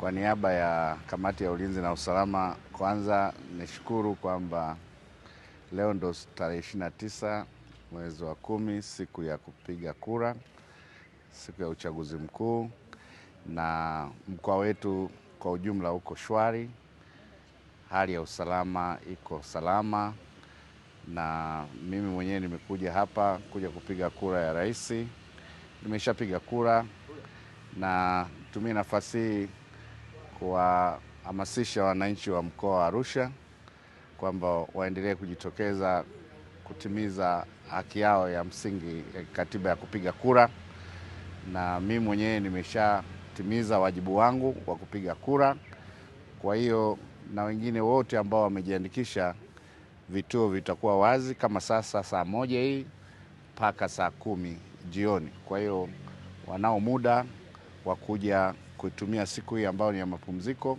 Kwa niaba ya kamati ya ulinzi na usalama, kwanza nishukuru kwamba leo ndo tarehe 29 mwezi wa kumi, siku ya kupiga kura, siku ya uchaguzi mkuu, na mkoa wetu kwa ujumla uko shwari, hali ya usalama iko salama, na mimi mwenyewe nimekuja hapa kuja kupiga kura ya rais, nimeshapiga kura na tumie nafasi hii kuwahamasisha wananchi wa mkoa wa Arusha kwamba waendelee kujitokeza kutimiza haki yao ya msingi ya katiba ya kupiga kura, na mimi mwenyewe nimeshatimiza wajibu wangu wa kupiga kura. Kwa hiyo na wengine wote ambao wamejiandikisha, vituo vitakuwa wazi kama sasa saa moja hii mpaka saa kumi jioni. Kwa hiyo wanao muda wa kuja kuitumia siku hii ambayo ni ya mapumziko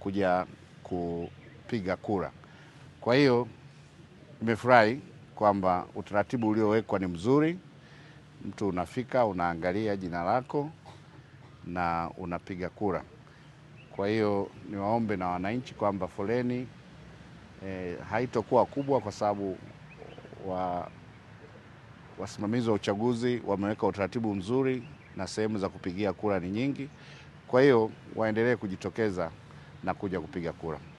kuja kupiga kura. Kwa hiyo nimefurahi kwamba utaratibu uliowekwa ni mzuri. Mtu unafika unaangalia jina lako na unapiga kura. Kwa hiyo niwaombe na wananchi kwamba foleni e, haitokuwa kubwa kwa sababu wa, wasimamizi wa uchaguzi wameweka utaratibu mzuri na sehemu za kupigia kura ni nyingi. Kwa hiyo waendelee kujitokeza na kuja kupiga kura.